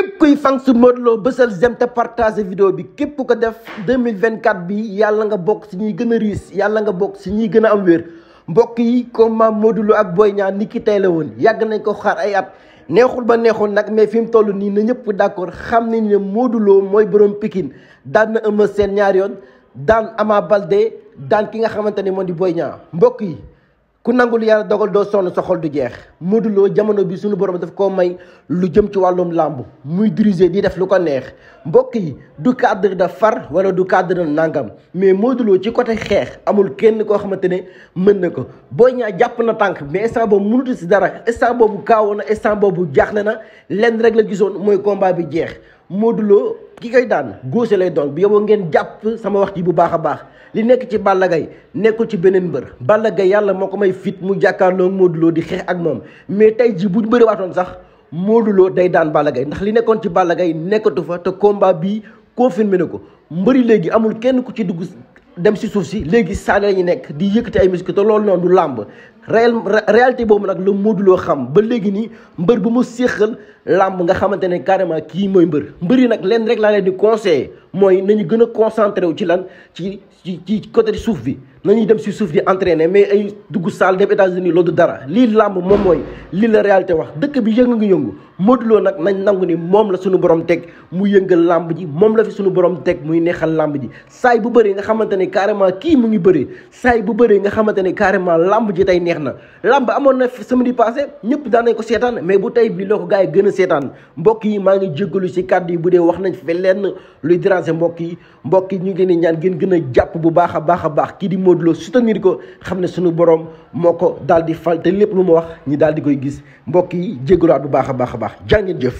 képp kuy fan su Modou ba bësal j'aime te video bi képp ko def deux mille vingt 2024 bi yàlla nga bokk si ñuy gën a riis yàlla nga bokk si ñuy gën a am wér mbokk yi combat Modou Lo ak Boy Niang ni ki tey woon yàgg nañ ko xaar ay at neexul ba neexoon nag mais fi mu toll nii na ñëpp d'accord xam nañ ne Modou mooy borom pikin daan na Eumeu seen ñaari yoon daan Ama balde daan ki nga xamante ne moo di Boy Niang mbokk yi ku nangul yàlla dogal doo sonn sa xol du jeex Modou Lo jamono bi suñu borom daf koo may lu jëm ci wàllum làmb muy diriger di def lu ko neex mbokk yi du cadre de far wala du cadre de nangam mais Modou ci côté xeex amul kenn koo xamante ne mën na ko booy Niang jàpp na tànk mais instant boobu mënut si dara instant boobu kaawoo na instant boobu jaaxle na lenn rek la gisoon mooy combat bi jeex Modou ki koy daan góose lay doon bu yoboo ngeen jàpp sama wax ji bu baax a baax li nekk ci Balla Gaye nekkul ci beneen mbër Balla yàlla moo ko may fit mu jàkkaarloo moo duloo di xeex ak moom mais tey ji buñ bëri waatoon sax Modou Lo day daan Balla ndax li nekkoon ci Balla Gaye nekkatu fa te combat bii confirmé na ko mbëri léegi amul kenn ku ci dugg dem si suuf si léegi saane la ñu nekk di yëkkati ay musique te loolu noonu du làmb réel réalité boobu nag la Modou Lo xam ba léegi nii mbër bu mu séexal làmb nga xamante ne carrément kii mooy mbër mbër yi nag leen rek laa leen di conseillé mooy nañu gën a concentré wu ci lan ci ci ci côté suuf bi nañuy dem si suuf di entraîner mais ay dugg saal dem États-Unis loolu dara lii làmb moom mooy lii la réalité wax dëkk bi yëngu ngi yëngu Modou nag nañ nangu ni moom la suñu borom teg mu yëngal làmb ji moom la fi suñu borom teg muy neexal làmb ji saay bu bëree nga xamante ne carrément kii mu ngi bëree saay bu bëree nga xamante ne carrément làmb ji tey neex na làmb amoon na samedi passé ñëpp daan nañ ko seetaan mais bu tey bi loo ko gars yi gën a seetaan mbokk yi maa ngi jéggalu si kàddu yi bu dee wax nañ fi lenn luy déranger mbokk yi mbokk ñu ngi ñaan ngeen gën a jàpp bu baax a baax baax Modou Lo ko xam ne suñu borom moo ko daal di fal te lépp lu mu wax ñi daal di koy gis mbokk yi jégaluwaat bu baax a baax a baax jaa ngeen jëf.